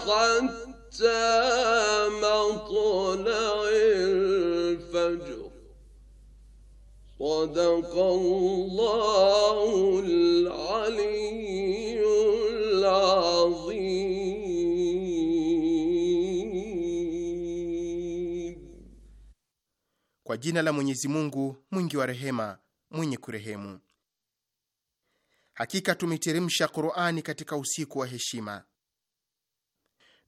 حتى مطلع الفجر صدق الله العلي Kwa jina la Mwenyezi Mungu mwingi wa rehema mwenye kurehemu. Hakika tumeteremsha Qur'ani katika usiku wa heshima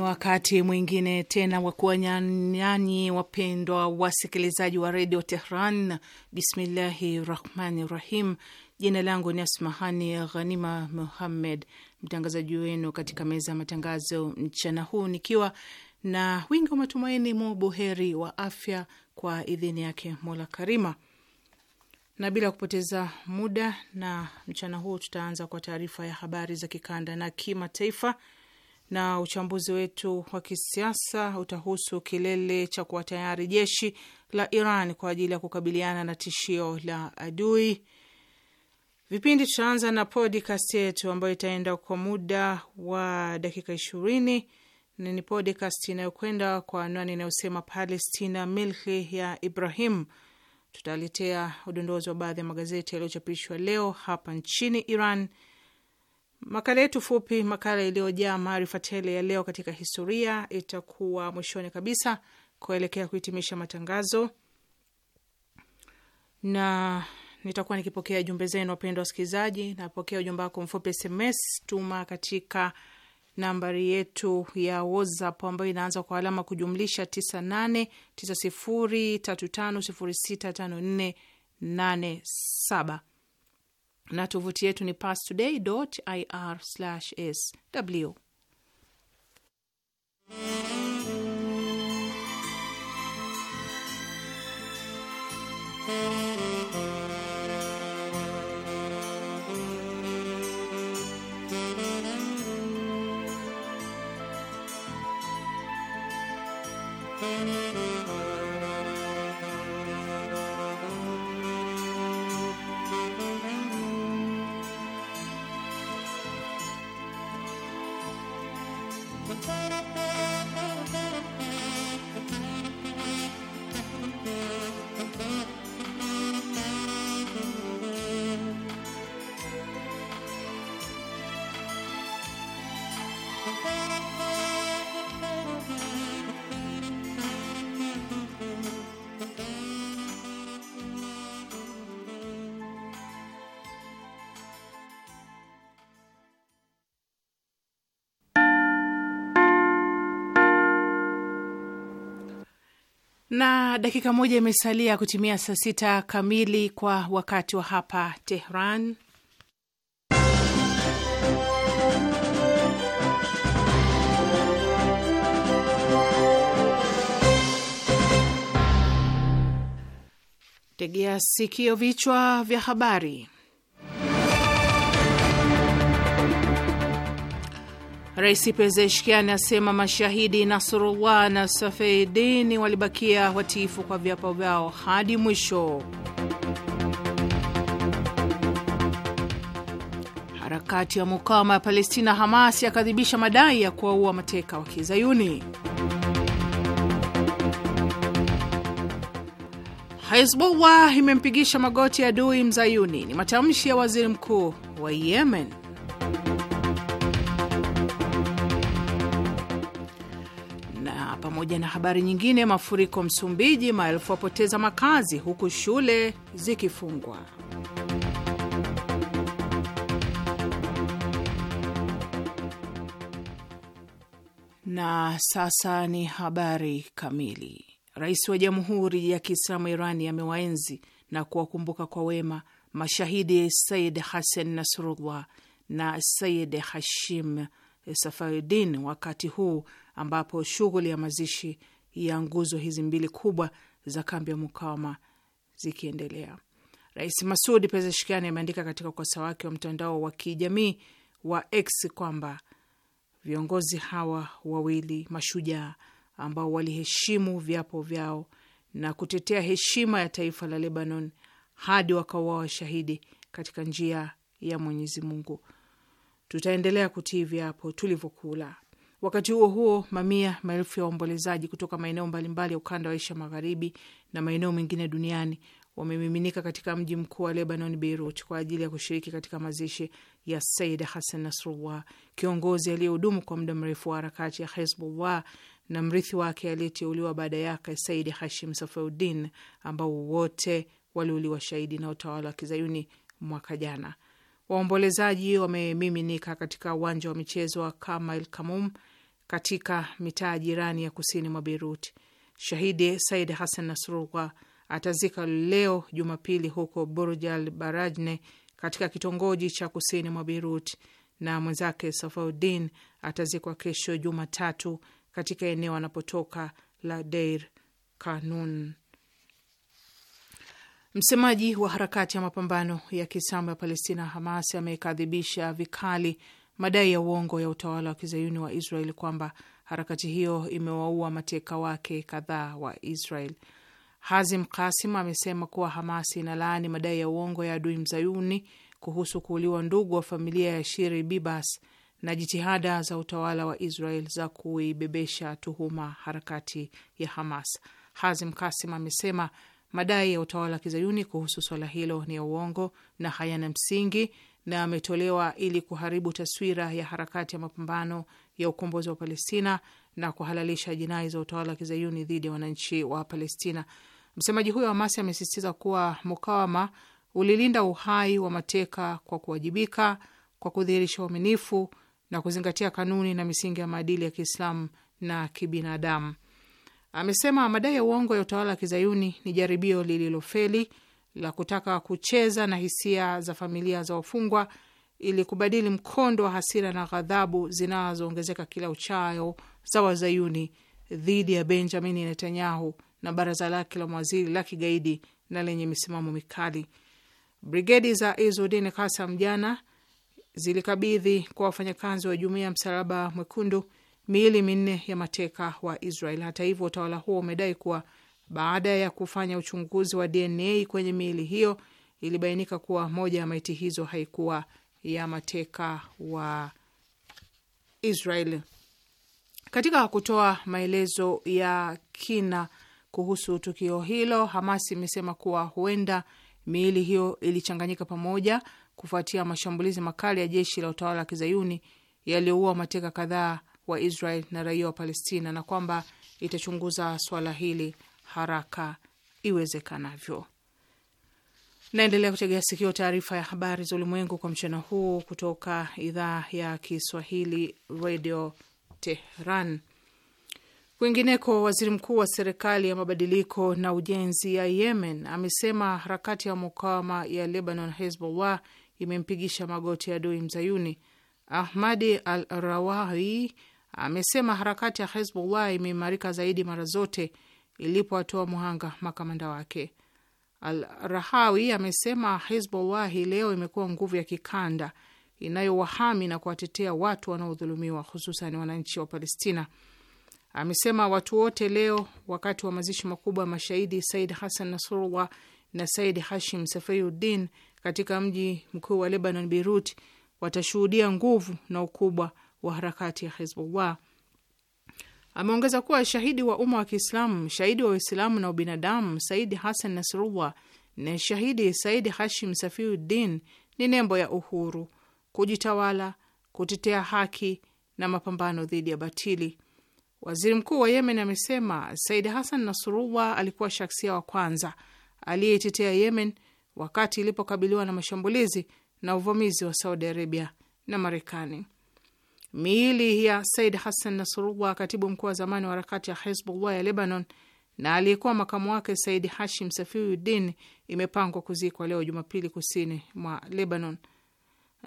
wakati mwingine tena wa nyanyi, wapendwa wasikilizaji wa redio Tehran. Bismillahi rahmani rahim. Jina langu ni Asmahani Ghanima Muhammed, mtangazaji wenu katika meza ya matangazo mchana huu, nikiwa na wingi wa matumaini mu buheri wa afya kwa idhini yake Mola Karima. Na bila kupoteza muda, na mchana huu tutaanza kwa taarifa ya habari za kikanda na kimataifa na uchambuzi wetu wa kisiasa utahusu kilele cha kuwa tayari jeshi la Iran kwa ajili ya kukabiliana na tishio la adui. Vipindi tutaanza na podcast yetu ambayo itaenda kwa muda wa dakika ishirini ni podcast inayokwenda kwa anwani inayosema Palestina, milki ya Ibrahim. Tutaletea udondozi wa baadhi ya magazeti yaliyochapishwa leo hapa nchini Iran Makala yetu fupi, makala iliyojaa maarifa tele ya leo katika historia, itakuwa mwishoni kabisa kuelekea kuhitimisha matangazo, na nitakuwa nikipokea jumbe zenu, wapendwa wasikilizaji. Napokea ujumbe wako mfupi SMS, tuma katika nambari yetu ya WhatsApp ambayo inaanza kwa alama kujumlisha 989035065487 na tovuti yetu ni pastoday.ir/sw. na dakika moja imesalia kutimia saa sita kamili kwa wakati wa hapa Tehran. Tegea sikio, vichwa vya habari. Rais Pezeshkian asema mashahidi Nasrullah na Safedini walibakia watiifu kwa viapo vyao hadi mwisho. Harakati ya mukawama ya Palestina Hamas yakadhibisha madai ya kuwaua mateka wa Kizayuni. Hezbollah imempigisha magoti adui mzayuni, ni matamshi ya waziri mkuu wa Yemen. Pamoja na habari nyingine, mafuriko Msumbiji, maelfu wapoteza makazi huku shule zikifungwa. Na sasa ni habari kamili. Rais wa Jamhuri ya Kiislamu Irani amewaenzi na kuwakumbuka kwa wema mashahidi Said Hassan Nasrullah na Said Hashim safaudin wakati huu ambapo shughuli ya mazishi ya nguzo hizi mbili kubwa za kambi ya mukawama zikiendelea. Rais Masud Pezeshkiani ameandika katika ukurasa wake wa mtandao wa kijamii wa X kwamba viongozi hawa wawili mashujaa ambao waliheshimu viapo vyao na kutetea heshima ya taifa la Lebanon hadi wakauawa shahidi katika njia ya Mwenyezi Mungu, tutaendelea kutii viapo tulivyokula. Wakati huo huo, mamia maelfu ya waombolezaji kutoka maeneo mbalimbali ya ukanda wa Asia Magharibi na maeneo mengine duniani wamemiminika katika mji mkuu wa Lebanon, Beirut, kwa ajili ya kushiriki katika mazishi ya Said Hassan Nasrullah, kiongozi aliyehudumu kwa muda mrefu wa harakati ya hezbullah na mrithi wake aliyeteuliwa baada yake Said Hashim Safauddin, ambao wote waliuliwa shahidi na utawala wa kizayuni mwaka jana. Waombolezaji wamemiminika katika uwanja wa michezo wa Kamal Kamum katika mitaa jirani ya kusini mwa Beirut. Shahidi Said Hassan Nasrullah atazika leo Jumapili huko Burjal Barajne katika kitongoji cha kusini mwa Beirut, na mwenzake Safaudin atazikwa kesho Jumatatu katika eneo anapotoka la Deir Kanun. Msemaji wa harakati ya mapambano ya kiislamu ya Palestina Hamas amekadhibisha vikali madai ya uongo ya utawala wa kizayuni wa Israel kwamba harakati hiyo imewaua mateka wake kadhaa wa Israel. Hazim Kasim amesema kuwa Hamas inalaani madai ya uongo ya adui mzayuni kuhusu kuuliwa ndugu wa familia ya Shiri Bibas na jitihada za utawala wa Israel za kuibebesha tuhuma harakati ya Hamas. Hazim Kasim amesema Madai ya utawala wa kizayuni kuhusu swala hilo ni ya uongo na hayana msingi na ametolewa ili kuharibu taswira ya harakati ya mapambano ya ukombozi wa Palestina na kuhalalisha jinai za utawala wa kizayuni dhidi ya wananchi wa Palestina. Msemaji huyo wa Hamasi amesisitiza kuwa mukawama ulilinda uhai wa mateka kwa kuwajibika, kwa kudhihirisha uaminifu na kuzingatia kanuni na misingi ya maadili ya Kiislamu na kibinadamu amesema madai ya uongo ya utawala wa kizayuni ni jaribio lililofeli la kutaka kucheza na hisia za familia za wafungwa ili kubadili mkondo wa hasira na ghadhabu zinazoongezeka kila uchayo za wazayuni dhidi ya Benjamin Netanyahu na baraza lake la mawaziri la kigaidi na lenye misimamo mikali. Brigedi za Izudin Kasam jana zilikabidhi kwa wafanyakazi wa jumuiya Msalaba Mwekundu miili minne ya mateka wa Israel. Hata hivyo, utawala huo umedai kuwa baada ya kufanya uchunguzi wa DNA kwenye miili hiyo ilibainika kuwa moja ya maiti hizo haikuwa ya mateka wa Israel. Katika kutoa maelezo ya kina kuhusu tukio hilo, Hamas imesema kuwa huenda miili hiyo ilichanganyika pamoja kufuatia mashambulizi makali ya jeshi la utawala wa kizayuni yaliyoua mateka kadhaa wa Israel na raia wa Palestina na kwamba itachunguza swala hili haraka iwezekanavyo. Naendelea kutegea sikio taarifa ya habari za ulimwengu kwa mchana huu kutoka idhaa ya Kiswahili Radio Tehran. Kwingineko, waziri mkuu wa serikali ya mabadiliko na ujenzi ya Yemen amesema harakati ya mukawama ya Lebanon, Hezbollah, imempigisha magoti adui mzayuni. Ahmadi al Rawahi amesema harakati ya Hezbollah imeimarika zaidi mara zote ilipowatoa muhanga makamanda wake. Al Rahawi amesema Hezbollah hii leo imekuwa nguvu ya kikanda inayowahami na kuwatetea watu wanaodhulumiwa, hususan wananchi wa Palestina. Amesema watu wote leo wakati wa mazishi makubwa ya mashahidi Said Hassan Nasrullah na Said Hashim Safeiuddin katika mji mkuu wa Lebanon, Beirut, watashuhudia nguvu na ukubwa wa harakati ya Hezbollah. Ameongeza kuwa shahidi wa umma wa Kiislamu, shahidi wa Uislamu na ubinadamu Saidi Hassan Nasrullah na shahidi Saidi Hashim Safiuddin ni nembo ya uhuru, kujitawala, kutetea haki na mapambano dhidi ya batili. Waziri mkuu wa Yemen amesema Said Hassan Nasrullah alikuwa shaksia wa kwanza aliyeitetea Yemen wakati ilipokabiliwa na mashambulizi na uvamizi wa Saudi Arabia na Marekani miili ya Said Hassan Nasrullah, katibu mkuu wa zamani wa harakati ya Hezbullah ya Lebanon, na aliyekuwa makamu wake Said Hashim Safiuddin imepangwa kuzikwa leo Jumapili kusini mwa Lebanon.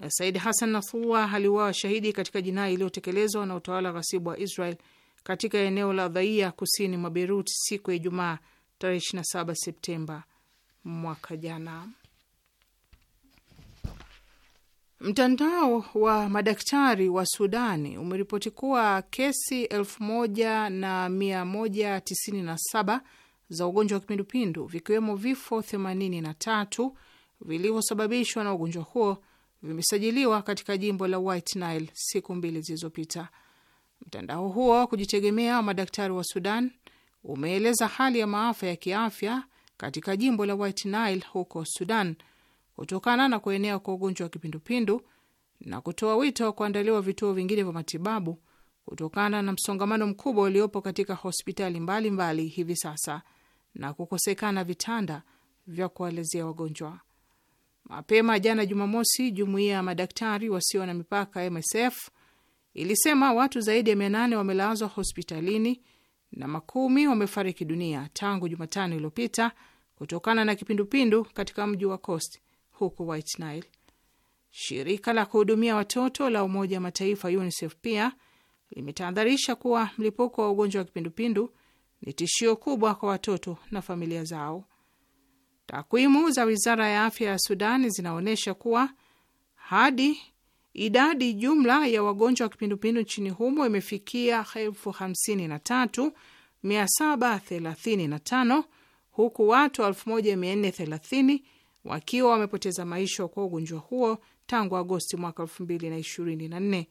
Said Hassan Nasrullah aliuawa shahidi katika jinai iliyotekelezwa na utawala ghasibu wa Israel katika eneo la Dhaia kusini mwa Beirut siku ya Ijumaa tarehe 27 Septemba mwaka jana. Mtandao wa madaktari wa Sudani umeripoti kuwa kesi 1197 za ugonjwa wa kipindupindu vikiwemo vifo 83 vilivyosababishwa na ugonjwa huo vimesajiliwa katika jimbo la White Nile siku mbili zilizopita. Mtandao huo wa kujitegemea wa madaktari wa Sudan umeeleza hali ya maafa ya kiafya katika jimbo la White Nile huko Sudan kutokana na kuenea kwa ugonjwa wa kipindupindu na kutoa wito wa kuandaliwa vituo vingine vya matibabu kutokana na msongamano mkubwa uliopo katika hospitali mbalimbali mbali hivi sasa na kukosekana vitanda vya kuwalezea wagonjwa. Mapema jana Jumamosi, jumuiya ya madaktari wasio na mipaka MSF ilisema watu zaidi ya mia nane wamelazwa hospitalini na makumi wamefariki dunia tangu Jumatano iliyopita kutokana na kipindupindu katika mji wa Kosti huko White Nile. Shirika la kuhudumia watoto la Umoja wa Mataifa UNICEF pia limetahadharisha kuwa mlipuko wa ugonjwa wa kipindupindu ni tishio kubwa kwa watoto na familia zao. Takwimu za wizara ya afya ya Sudani zinaonyesha kuwa hadi idadi jumla ya wagonjwa wa kipindupindu nchini humo imefikia elfu hamsini na tatu mia saba thelathini na tano huku watu elfu moja mia nne thelathini wakiwa wamepoteza maisha kwa ugonjwa huo tangu Agosti mwaka nne.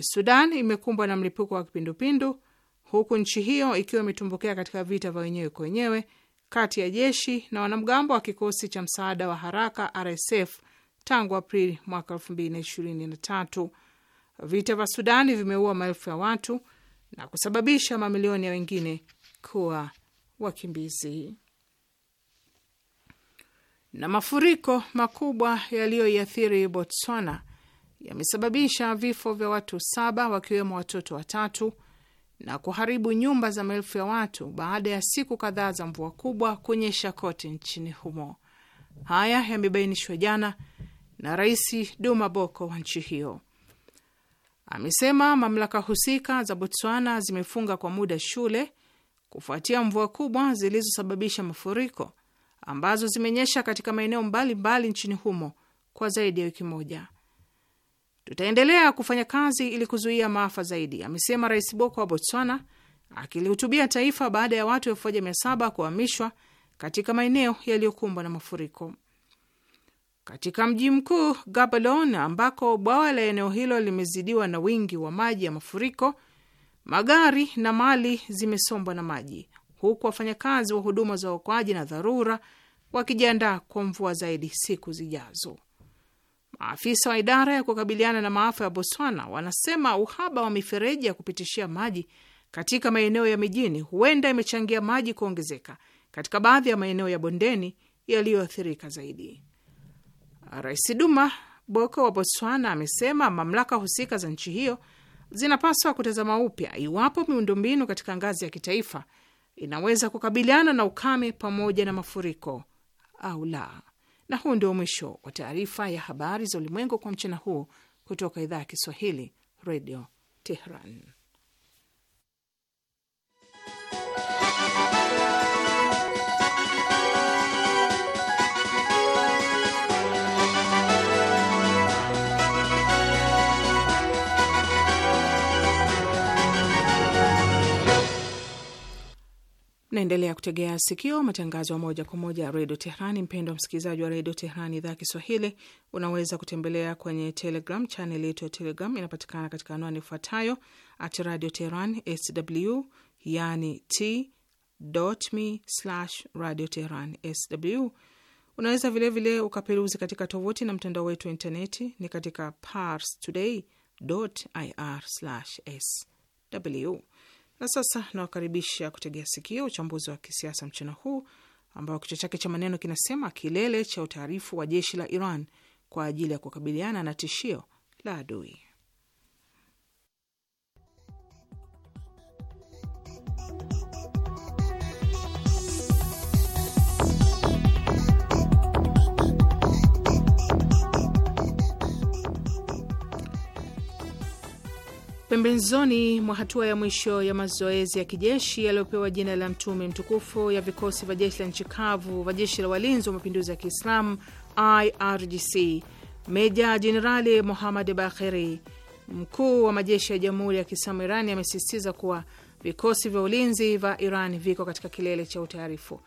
Sudan imekumbwa na mlipuko wa kipindupindu huku nchi hiyo ikiwa imetumbukia katika vita vya wenyewe kwa wenyewe kati ya jeshi na wanamgambo wa kikosi cha msaada wa haraka RSF tangu Aprili mwaka tatu. Vita vya Sudani vimeua maelfu ya watu na kusababisha mamilioni ya wengine kuwa wakimbizi na mafuriko makubwa yaliyoiathiri Botswana yamesababisha vifo vya watu saba wakiwemo watoto watatu na kuharibu nyumba za maelfu ya watu baada ya siku kadhaa za mvua kubwa kunyesha kote nchini humo. Haya yamebainishwa jana na Rais Duma Boko wa nchi hiyo. Amesema mamlaka husika za Botswana zimefunga kwa muda shule kufuatia mvua kubwa zilizosababisha mafuriko ambazo zimenyesha katika maeneo mbalimbali nchini humo kwa zaidi ya wiki moja. Tutaendelea kufanya kazi ili kuzuia maafa zaidi, amesema Rais Boko wa Botswana akilihutubia taifa baada ya watu elfu moja mia saba kuhamishwa katika maeneo yaliyokumbwa na mafuriko katika mji mkuu Gaborone, ambako bwawa la eneo hilo limezidiwa na wingi wa maji ya mafuriko. Magari na mali zimesombwa na maji, huku wafanyakazi wa huduma za uokoaji na dharura wakijiandaa kwa mvua zaidi siku zijazo. Maafisa wa idara ya kukabiliana na maafa ya Botswana wanasema uhaba wa mifereji ya kupitishia maji katika maeneo ya mijini huenda imechangia maji kuongezeka katika baadhi ya maeneo ya bondeni yaliyoathirika zaidi. Rais Duma Boko wa Botswana amesema mamlaka husika za nchi hiyo zinapaswa kutazama upya iwapo miundombinu katika ngazi ya kitaifa inaweza kukabiliana na ukame pamoja na mafuriko au la. Na huu ndio mwisho wa taarifa ya habari za ulimwengu kwa mchana huu kutoka idhaa ya Kiswahili, Redio Tehran. Naendelea kutegea sikio matangazo ya moja kwa moja redio Tehrani. Mpendo wa msikilizaji wa redio Tehrani, idhaa ya Kiswahili, unaweza kutembelea kwenye Telegram. Chaneli yetu ya Telegram inapatikana katika anwani ifuatayo at radio tehran sw, yani t.me radio tehran sw. Unaweza vilevile vile ukaperuzi katika tovuti na mtandao wetu wa intaneti ni katika pars today ir sw na sasa nawakaribisha kutegea sikio uchambuzi wa kisiasa mchana huu ambao kichwa chake cha maneno kinasema kilele cha utaarifu wa jeshi la Iran kwa ajili ya kukabiliana na tishio la adui. Pembezoni mwa hatua ya mwisho ya mazoezi ya kijeshi yaliyopewa jina la Mtume Mtukufu ya vikosi vya jeshi la nchi kavu vya jeshi la walinzi wa mapinduzi ya Kiislamu IRGC, Meja Jenerali Muhamad Bakheri, mkuu wa majeshi ya Jamhuri ya Kiislamu Irani, amesisitiza kuwa vikosi vya ulinzi vya Iran viko katika kilele cha utaarifu.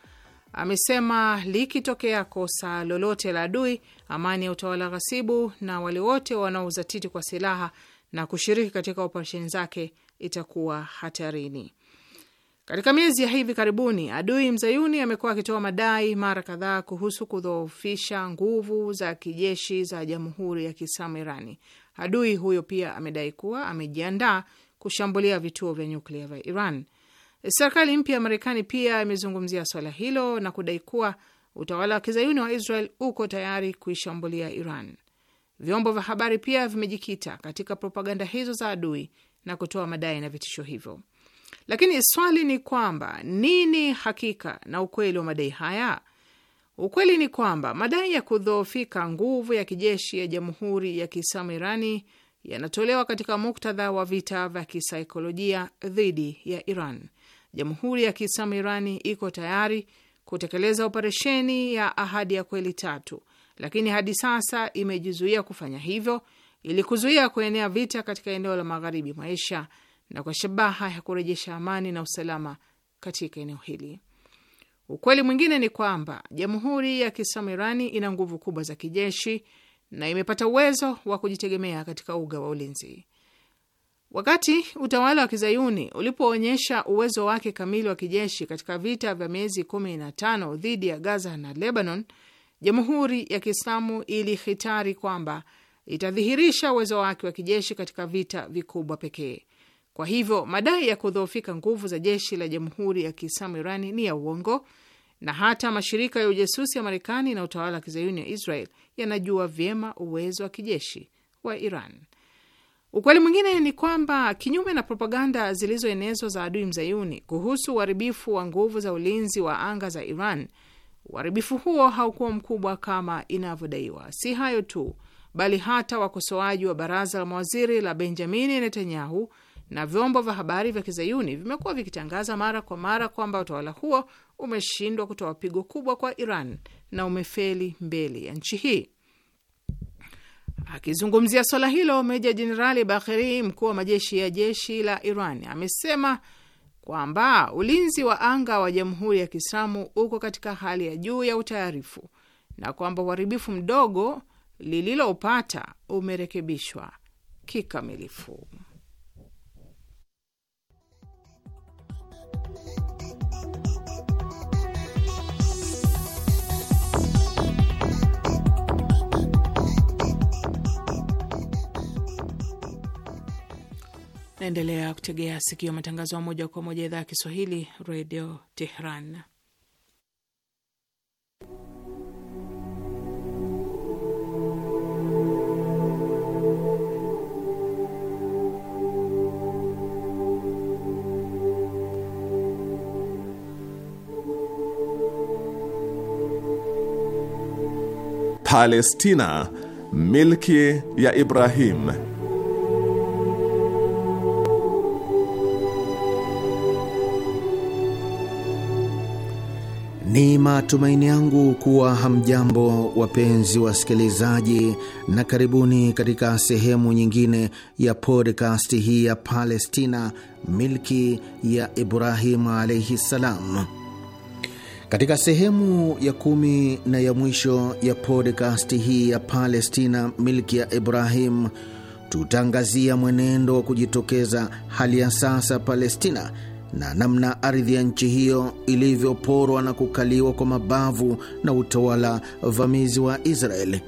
Amesema likitokea kosa lolote la adui, amani ya utawala ghasibu na wale wote wanaouza titi kwa silaha na kushiriki katika operesheni zake itakuwa hatarini. Katika miezi ya hivi karibuni, adui mzayuni amekuwa akitoa madai mara kadhaa kuhusu kudhoofisha nguvu za kijeshi za jamhuri ya kiislamu Irani. Adui huyo pia amedai kuwa amejiandaa kushambulia vituo vya nyuklia vya Iran. Serikali mpya ya Marekani pia imezungumzia swala hilo na kudai kuwa utawala wa kizayuni wa Israel uko tayari kuishambulia Iran. Vyombo vya habari pia vimejikita katika propaganda hizo za adui na kutoa madai na vitisho hivyo. Lakini swali ni kwamba nini hakika na ukweli wa madai haya? Ukweli ni kwamba madai ya kudhoofika nguvu ya kijeshi ya Jamhuri ya Kiislamu Irani yanatolewa katika muktadha wa vita vya kisaikolojia dhidi ya Iran. Jamhuri ya Kiislamu Irani iko tayari kutekeleza operesheni ya Ahadi ya Kweli tatu lakini hadi sasa imejizuia kufanya hivyo ili kuzuia kuenea vita katika eneo la magharibi mwa Asia na kwa shabaha ya kurejesha amani na usalama katika eneo hili. Ukweli mwingine ni kwamba Jamhuri ya Kiislamu Irani ina nguvu kubwa za kijeshi na imepata uwezo wa kujitegemea katika uga wa ulinzi. Wakati utawala wa kizayuni ulipoonyesha uwezo wake kamili wa kijeshi katika vita vya miezi 15 dhidi ya Gaza na Lebanon, Jamhuri ya Kiislamu ilihitari kwamba itadhihirisha uwezo wake wa kijeshi katika vita vikubwa pekee. Kwa hivyo madai ya kudhoofika nguvu za jeshi la Jamhuri ya Kiislamu Irani ni ya uongo, na hata mashirika ya ujasusi ya Marekani na utawala wa kizayuni ya Israel yanajua vyema uwezo wa kijeshi wa Iran. Ukweli mwingine ni kwamba kinyume na propaganda zilizoenezwa za adui mzayuni kuhusu uharibifu wa nguvu za ulinzi wa anga za Iran Uharibifu huo haukuwa mkubwa kama inavyodaiwa. Si hayo tu, bali hata wakosoaji wa baraza la mawaziri la Benjamini Netanyahu na vyombo vya habari vya kizayuni vimekuwa vikitangaza mara kwa mara kwamba utawala huo umeshindwa kutoa pigo kubwa kwa Iran na umefeli mbele ya nchi hii. Akizungumzia swala hilo, Meja Jenerali Bagheri, mkuu wa majeshi ya jeshi la Iran, amesema kwamba ulinzi wa anga wa Jamhuri ya Kiislamu uko katika hali ya juu ya utayarifu na kwamba uharibifu mdogo lililoupata umerekebishwa kikamilifu. Naendelea kutegea sikio matangazo ya moja kwa moja idhaa ya Kiswahili radio Tehran. Palestina, milki ya Ibrahim. Ni matumaini yangu kuwa hamjambo, wapenzi wasikilizaji, na karibuni katika sehemu nyingine ya podcast hii ya Palestina, milki ya Ibrahimu alaihi ssalam. Katika sehemu ya kumi na ya mwisho ya podcast hii ya Palestina, milki ya Ibrahimu, tutaangazia mwenendo wa kujitokeza hali ya sasa Palestina na namna ardhi ya nchi hiyo ilivyoporwa na kukaliwa kwa mabavu na utawala vamizi wa Israeli.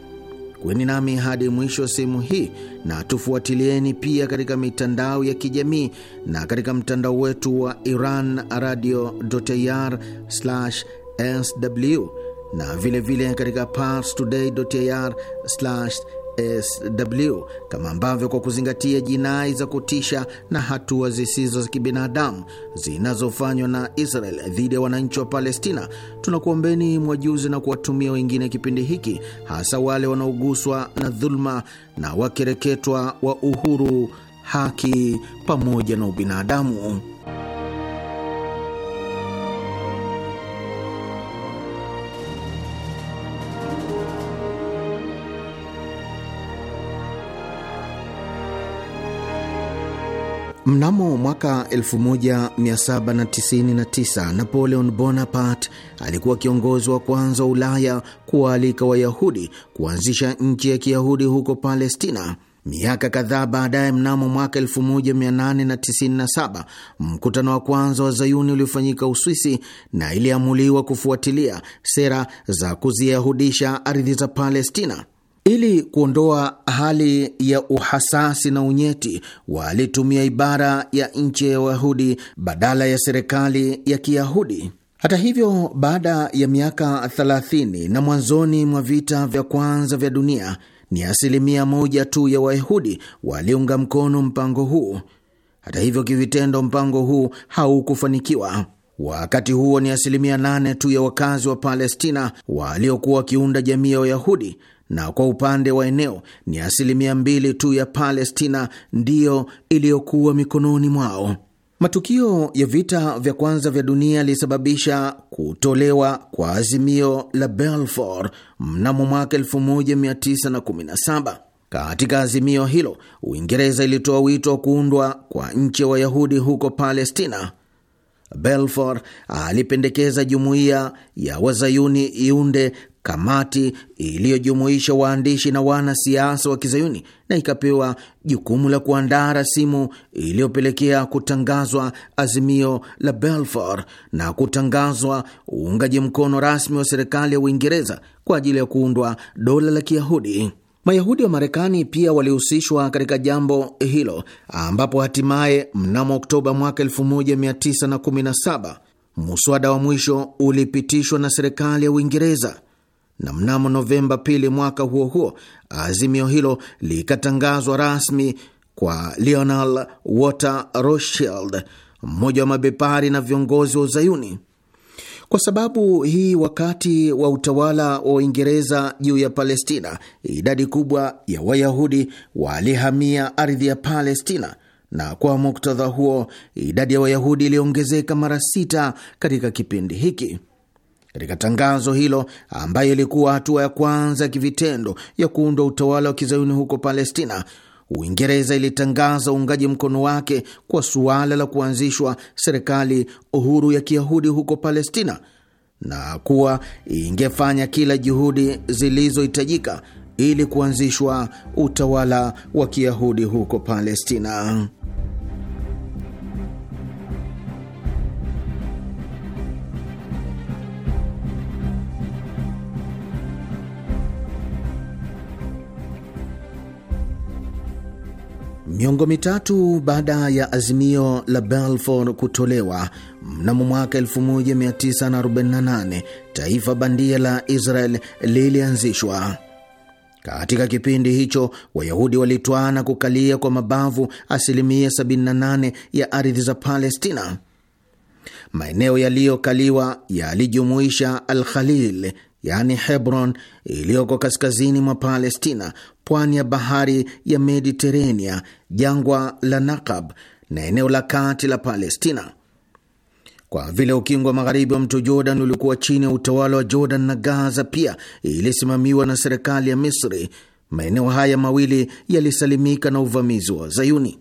Kweni nami hadi mwisho wa sehemu hii na tufuatilieni pia katika mitandao ya kijamii na katika mtandao wetu wa Iran Radio ir sw na vilevile katika Pars Today ir SW kama ambavyo kwa kuzingatia jinai za kutisha na hatua zisizo za kibinadamu zinazofanywa na Israel dhidi ya wananchi wa Palestina, tunakuombeni mwajuzi na kuwatumia wengine kipindi hiki, hasa wale wanaoguswa na dhuluma na wakereketwa wa uhuru, haki pamoja na ubinadamu. Mnamo mwaka 1799 Napoleon Bonaparte alikuwa kiongozi wa kwanza wa Ulaya kuwaalika Wayahudi kuanzisha nchi ya Kiyahudi huko Palestina. Miaka kadhaa baadaye, mnamo mwaka 1897 mkutano wa kwanza wa Zayuni uliofanyika Uswisi na iliamuliwa kufuatilia sera za kuziyahudisha ardhi za Palestina. Ili kuondoa hali ya uhasasi na unyeti, walitumia ibara ya nchi ya Wayahudi badala ya serikali ya Kiyahudi. Hata hivyo, baada ya miaka 30 na mwanzoni mwa vita vya kwanza vya dunia, ni asilimia moja tu ya Wayahudi waliunga mkono mpango huu. Hata hivyo, kivitendo mpango huu haukufanikiwa. Wakati huo ni asilimia nane tu ya wakazi wa Palestina waliokuwa wakiunda jamii ya Wayahudi na kwa upande wa eneo ni asilimia mbili tu ya Palestina ndiyo iliyokuwa mikononi mwao. Matukio ya vita vya kwanza vya dunia yalisababisha kutolewa kwa azimio la Balfour mnamo mwaka 1917. Katika azimio hilo, Uingereza ilitoa wito wa kuundwa kwa nchi ya Wayahudi huko Palestina. Balfour alipendekeza jumuiya ya Wazayuni iunde kamati iliyojumuisha waandishi na wanasiasa wa kizayuni na ikapewa jukumu la kuandaa rasimu iliyopelekea kutangazwa azimio la Balfour na kutangazwa uungaji mkono rasmi wa serikali ya Uingereza kwa ajili ya kuundwa dola la Kiyahudi. Mayahudi wa Marekani pia walihusishwa katika jambo hilo, ambapo hatimaye mnamo Oktoba mwaka 1917 muswada wa mwisho ulipitishwa na serikali ya Uingereza na mnamo Novemba pili mwaka huo huo azimio hilo likatangazwa rasmi kwa Lionel Walter Rothschild, mmoja wa mabepari na viongozi wa Uzayuni. Kwa sababu hii, wakati wa utawala wa Uingereza juu ya Palestina, idadi kubwa ya Wayahudi walihamia ardhi ya Palestina, na kwa muktadha huo idadi ya Wayahudi iliongezeka mara sita katika kipindi hiki. Katika tangazo hilo, ambayo ilikuwa hatua ya kwanza ya kivitendo ya kuundwa utawala wa kizayuni huko Palestina, Uingereza ilitangaza uungaji mkono wake kwa suala la kuanzishwa serikali uhuru ya kiyahudi huko Palestina na kuwa ingefanya kila juhudi zilizohitajika ili kuanzishwa utawala wa kiyahudi huko Palestina. Miongo mitatu baada ya azimio la Balfour kutolewa mnamo mwaka 1948, taifa bandia la Israel lilianzishwa. Katika kipindi hicho Wayahudi walitwana kukalia kwa mabavu asilimia 78 ya ardhi za Palestina. Maeneo yaliyokaliwa yalijumuisha Al Khalil, yani Hebron iliyoko kaskazini mwa Palestina, pwani ya bahari ya Mediterania, jangwa la Nakab na eneo la kati la Palestina. Kwa vile ukingo wa magharibi wa mto Jordan ulikuwa chini ya utawala wa Jordan na Gaza pia ilisimamiwa na serikali ya Misri, maeneo haya mawili yalisalimika na uvamizi wa Zayuni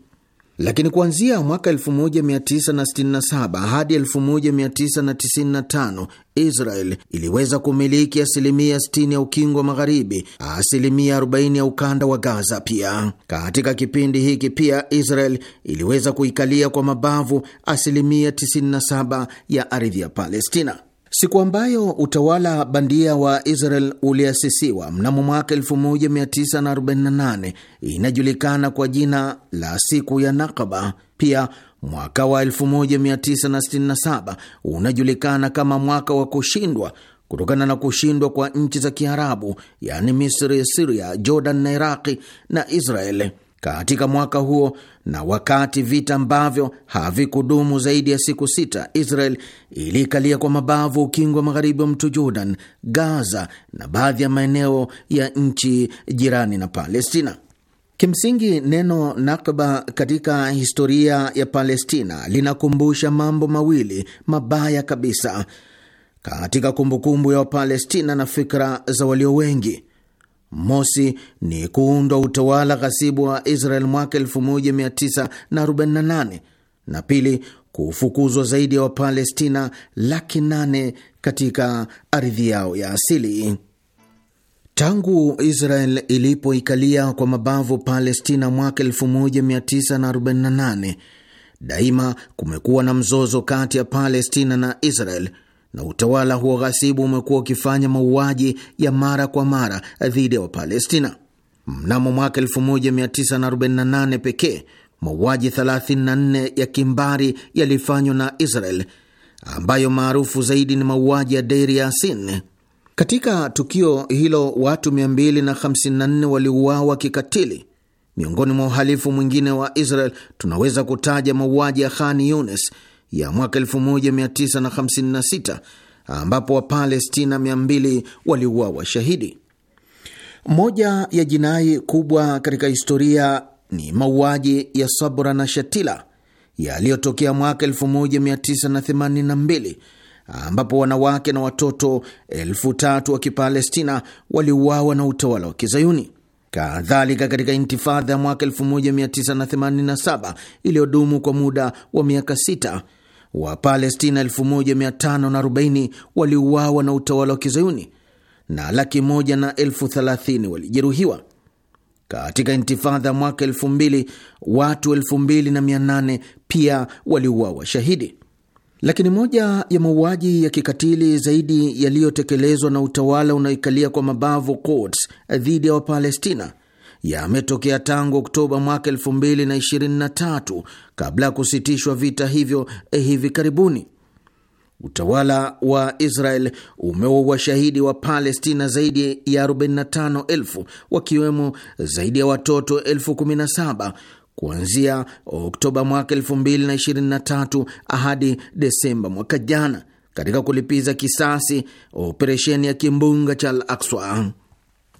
lakini kuanzia mwaka 1967 hadi 1995 Israel iliweza kumiliki asilimia 60 ya ukingo wa magharibi, asilimia 40 ya ukanda wa Gaza. Pia katika kipindi hiki pia Israel iliweza kuikalia kwa mabavu asilimia 97 ya ardhi ya Palestina. Siku ambayo utawala bandia wa Israel uliasisiwa mnamo mwaka 1948 inajulikana kwa jina la siku ya Nakaba. Pia mwaka wa 1967 unajulikana kama mwaka wa kushindwa kutokana na kushindwa kwa nchi za Kiarabu, yaani Misri, Siria, Jordan na Iraqi na Israeli. Katika mwaka huo na wakati vita ambavyo havikudumu zaidi ya siku sita, Israel iliikalia kwa mabavu ukingo wa magharibi wa mto Jordan, Gaza na baadhi ya maeneo ya nchi jirani na Palestina. Kimsingi, neno Nakba katika historia ya Palestina linakumbusha mambo mawili mabaya kabisa katika kumbukumbu ya Wapalestina na fikra za walio wengi. Mosi ni kuundwa utawala ghasibu wa Israel mwaka 1948 na pili, kufukuzwa zaidi ya Wapalestina laki nane katika ardhi yao ya asili. Tangu Israel ilipoikalia kwa mabavu Palestina mwaka 1948 daima kumekuwa na mzozo kati ya Palestina na Israel na utawala huo ghasibu umekuwa ukifanya mauaji ya mara kwa mara dhidi ya Wapalestina. Mnamo mwaka 1948 pekee mauaji 34 ya kimbari yalifanywa na Israel, ambayo maarufu zaidi ni mauaji ya Deir sin Katika tukio hilo watu 254 waliuawa kikatili. Miongoni mwa uhalifu mwingine wa Israel tunaweza kutaja mauaji ya Khan Yunis ya mwaka 1956 ambapo Wapalestina 200 waliuawa shahidi. Moja ya jinai kubwa katika historia ni mauaji ya Sabra na Shatila yaliyotokea mwaka 1982 ambapo wanawake na watoto elfu tatu wa Kipalestina waliuawa na utawala wa Kizayuni. Kadhalika, katika intifadha ya mwaka 1987 iliyodumu kwa muda wa miaka sita Wapalestina 1540 waliuawa na utawala wa kizayuni na laki moja na elfu thelathini walijeruhiwa. Katika intifadha mwaka elfu mbili watu elfu mbili na mia nane pia waliuawa shahidi. Lakini moja ya mauaji ya kikatili zaidi yaliyotekelezwa na utawala unaoikalia kwa mabavu Quds dhidi ya Wapalestina yametokea tangu Oktoba mwaka 2023 kabla ya kusitishwa vita hivyo eh, hivi karibuni. Utawala wa Israel umewaua washahidi wa Palestina zaidi ya 45,000 wakiwemo zaidi ya watoto 17,000 kuanzia Oktoba mwaka 2023 hadi Desemba mwaka jana katika kulipiza kisasi operesheni ya kimbunga cha Al aqsa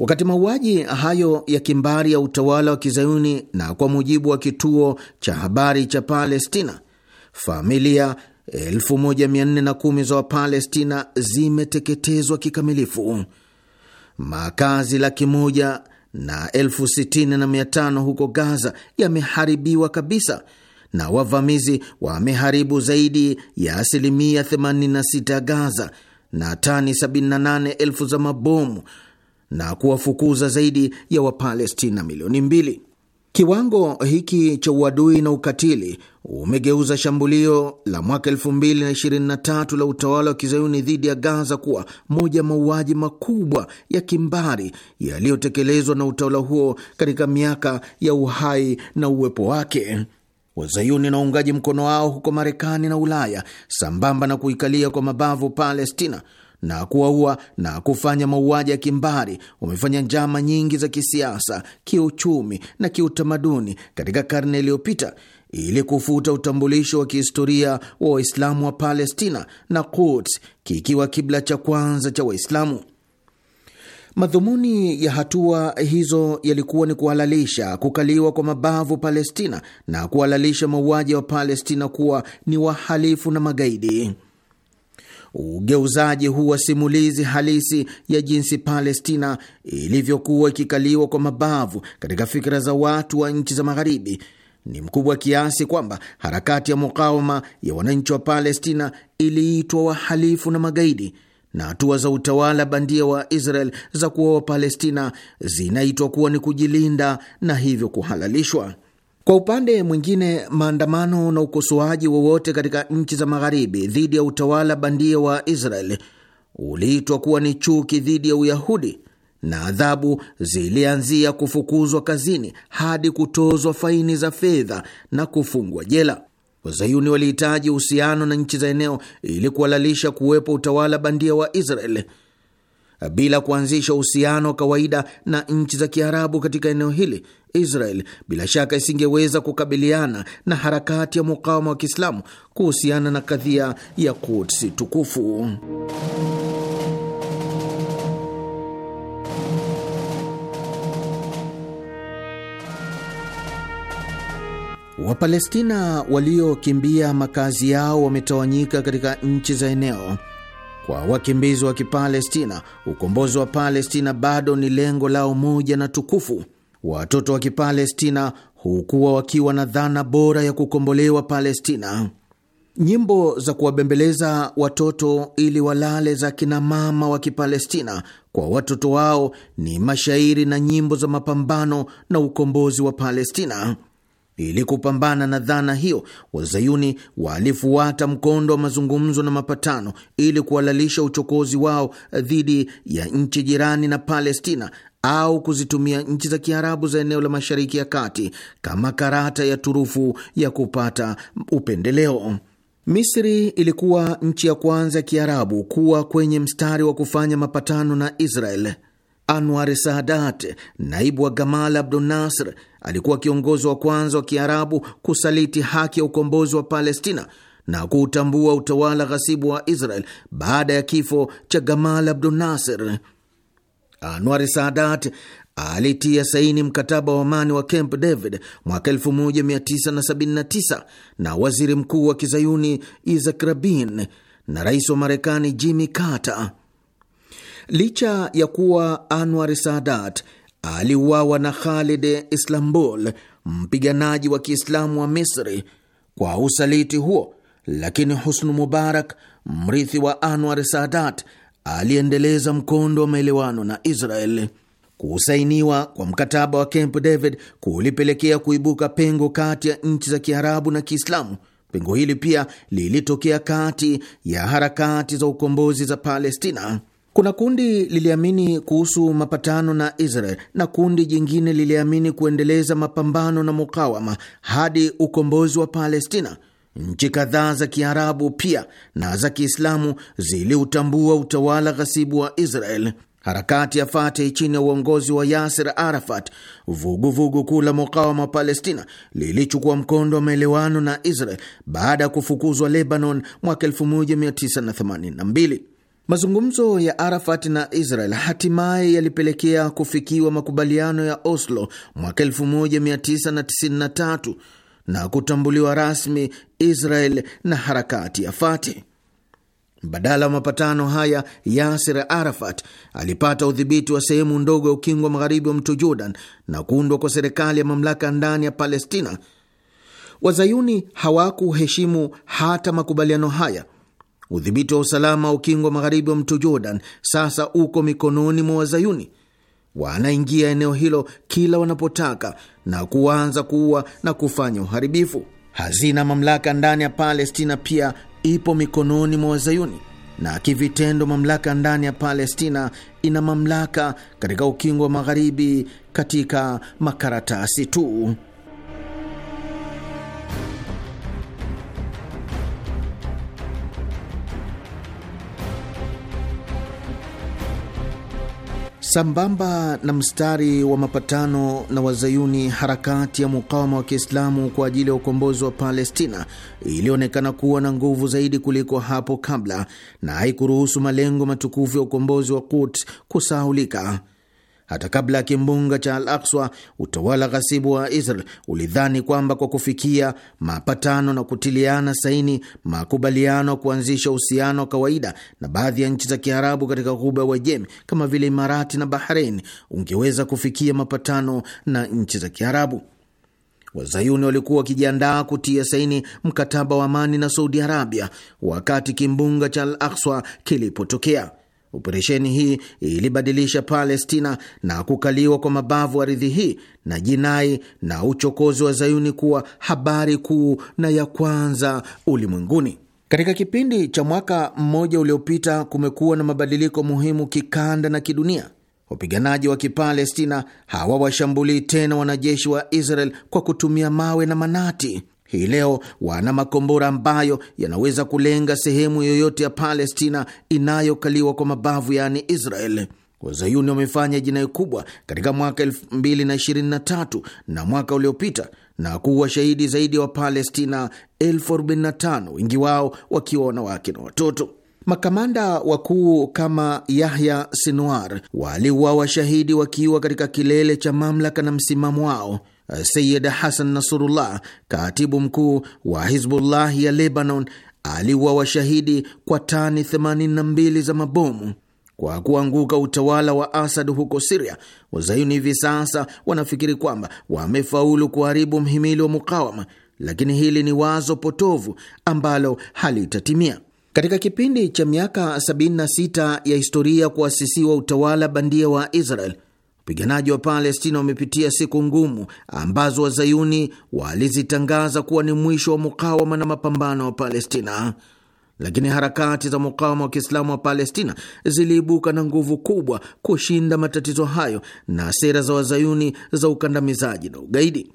Wakati mauaji hayo ya kimbari ya utawala wa kizayuni, na kwa mujibu wa kituo cha habari cha Palestina, familia 1410 za Wapalestina zimeteketezwa kikamilifu, makazi laki moja na elfu sitini na mia tano huko Gaza yameharibiwa kabisa na wavamizi wameharibu zaidi ya asilimia 86 ya Gaza na tani 78 elfu za mabomu na kuwafukuza zaidi ya Wapalestina milioni mbili. Kiwango hiki cha uadui na ukatili umegeuza shambulio la mwaka 2023 la utawala wa kizayuni dhidi ya Gaza kuwa moja ya mauaji makubwa ya kimbari yaliyotekelezwa na utawala huo katika miaka ya uhai na uwepo wake. Wazayuni na waungaji mkono wao huko Marekani na Ulaya, sambamba na kuikalia kwa mabavu Palestina, na kuwaua na kufanya mauaji ya kimbari. Umefanya njama nyingi za kisiasa, kiuchumi na kiutamaduni katika karne iliyopita ili kufuta utambulisho wa kihistoria wa Waislamu wa Palestina na Quds kikiwa kibla cha kwanza cha Waislamu. Madhumuni ya hatua hizo yalikuwa ni kuhalalisha kukaliwa kwa mabavu Palestina na kuhalalisha mauaji wa palestina kuwa ni wahalifu na magaidi. Ugeuzaji huu wa simulizi halisi ya jinsi Palestina ilivyokuwa ikikaliwa kwa mabavu katika fikira za watu wa nchi za Magharibi ni mkubwa kiasi kwamba harakati ya mukawama ya wananchi wa Palestina iliitwa wahalifu na magaidi, na hatua za utawala bandia wa Israel za kuwaua Palestina zinaitwa kuwa ni kujilinda na hivyo kuhalalishwa. Kwa upande mwingine, maandamano na ukosoaji wowote katika nchi za magharibi dhidi ya utawala bandia wa Israel uliitwa kuwa ni chuki dhidi ya Uyahudi, na adhabu zilianzia kufukuzwa kazini hadi kutozwa faini za fedha na kufungwa jela. Wazayuni walihitaji uhusiano na nchi za eneo ili kuhalalisha kuwepo utawala bandia wa Israel bila kuanzisha uhusiano wa kawaida na nchi za Kiarabu katika eneo hili, Israel bila shaka isingeweza kukabiliana na harakati ya mukawama wa Kiislamu kuhusiana na kadhia ya Kutsi tukufu. Wapalestina waliokimbia makazi yao wametawanyika katika nchi za eneo kwa wakimbizi wa Kipalestina, ukombozi wa Palestina bado ni lengo lao moja na tukufu. Watoto wa Kipalestina hukuwa wakiwa na dhana bora ya kukombolewa Palestina. Nyimbo za kuwabembeleza watoto ili walale za kinamama wa Kipalestina kwa watoto wao ni mashairi na nyimbo za mapambano na ukombozi wa Palestina. Ili kupambana na dhana hiyo, wazayuni walifuata mkondo wa mazungumzo na mapatano ili kuhalalisha uchokozi wao dhidi ya nchi jirani na Palestina au kuzitumia nchi za Kiarabu za eneo la Mashariki ya Kati kama karata ya turufu ya kupata upendeleo. Misri ilikuwa nchi ya kwanza ya Kiarabu kuwa kwenye mstari wa kufanya mapatano na Israel. Anwar Sadat, naibu wa Gamal abdu Nasr, alikuwa kiongozi wa kwanza wa Kiarabu kusaliti haki ya ukombozi wa Palestina na kuutambua utawala ghasibu wa Israel baada ya kifo cha Gamal abdu Nasr. Anwar Sadat alitia saini mkataba wa amani wa Camp David mwaka 1979 na waziri mkuu wa kizayuni Isaac Rabin na rais wa Marekani Jimmy Carter. Licha ya kuwa Anwar Sadat aliuawa na Khalid Islambul, mpiganaji wa Kiislamu wa Misri, kwa usaliti huo, lakini Husnu Mubarak, mrithi wa Anwar Sadat, aliendeleza mkondo wa maelewano na Israel. Kusainiwa kwa mkataba wa Camp David kulipelekea kuibuka pengo kati ya nchi za Kiarabu na Kiislamu. Pengo hili pia lilitokea kati ya harakati za ukombozi za Palestina. Kuna kundi liliamini kuhusu mapatano na Israel na kundi jingine liliamini kuendeleza mapambano na mukawama hadi ukombozi wa Palestina. Nchi kadhaa za Kiarabu pia na za Kiislamu ziliutambua utawala ghasibu wa Israel. Harakati ya Fatah chini ya uongozi wa Yasir Arafat, vuguvugu kuu la mukawama wa Palestina, lilichukua mkondo wa maelewano na Israel baada ya kufukuzwa Lebanon mwaka 1982. Mazungumzo ya Arafat na Israel hatimaye yalipelekea kufikiwa makubaliano ya Oslo mwaka 1993 na kutambuliwa rasmi Israel na harakati ya Fatah. Badala ya mapatano haya, Yasir Arafat alipata udhibiti wa sehemu ndogo ya ukingo magharibi wa mto Jordan na kuundwa kwa serikali ya mamlaka ndani ya Palestina. Wazayuni hawakuheshimu hata makubaliano haya Udhibiti wa usalama wa ukingo magharibi wa mto Jordan sasa uko mikononi mwa Wazayuni. Wanaingia eneo hilo kila wanapotaka na kuanza kuua na kufanya uharibifu. Hazina mamlaka ndani ya Palestina pia ipo mikononi mwa Wazayuni, na kivitendo mamlaka ndani ya Palestina ina mamlaka katika ukingo wa magharibi katika makaratasi tu. Sambamba na mstari wa mapatano na Wazayuni, harakati ya mukawama wa Kiislamu kwa ajili ya ukombozi wa Palestina ilionekana kuwa na nguvu zaidi kuliko hapo kabla na haikuruhusu malengo matukufu ya ukombozi wa Quds kusahulika. Hata kabla ya kimbunga cha Al Akswa, utawala ghasibu wa Israel ulidhani kwamba kwa kufikia mapatano na kutiliana saini makubaliano kuanzisha uhusiano wa kawaida na baadhi ya nchi za Kiarabu katika ghuba Wajemi kama vile Imarati na Bahrein ungeweza kufikia mapatano na nchi za Kiarabu. Wazayuni walikuwa wakijiandaa kutia saini mkataba wa amani na Saudi Arabia wakati kimbunga cha Al Akswa kilipotokea. Operesheni hii ilibadilisha Palestina na kukaliwa kwa mabavu ardhi hii na jinai na uchokozi wa Zayuni kuwa habari kuu na ya kwanza ulimwenguni. Katika kipindi cha mwaka mmoja uliopita, kumekuwa na mabadiliko muhimu kikanda na kidunia. Wapiganaji wa Kipalestina hawawashambulii tena wanajeshi wa Israel kwa kutumia mawe na manati. Hii leo wana makombora ambayo yanaweza kulenga sehemu yoyote ya Palestina inayokaliwa kwa mabavu, yaani Israel. Wazayuni wamefanya jinai kubwa katika mwaka 2023 na mwaka uliopita na kuwa shahidi zaidi ya Wapalestina 45 wengi wao wakiwa wanawake na watoto. Makamanda wakuu kama Yahya Sinwar waliuawa shahidi wakiwa katika kilele cha mamlaka na msimamo wao. Eh, Sayid Hasan Nasurullah, katibu mkuu wa Hizbullah ya Lebanon, aliwa washahidi kwa tani 82 za mabomu. Kwa kuanguka utawala wa Asad huko Siria, wazayuni hivi sasa wanafikiri kwamba wamefaulu kuharibu mhimili wa mukawama, lakini hili ni wazo potovu ambalo halitatimia. Katika kipindi cha miaka 76 ya historia kuasisiwa utawala bandia wa Israel, Wapiganaji wa Palestina wamepitia siku ngumu ambazo wazayuni walizitangaza kuwa ni mwisho wa mukawama na mapambano wa Palestina, lakini harakati za mukawama wa Kiislamu wa Palestina ziliibuka na nguvu kubwa kushinda matatizo hayo na sera za wazayuni za ukandamizaji na ugaidi.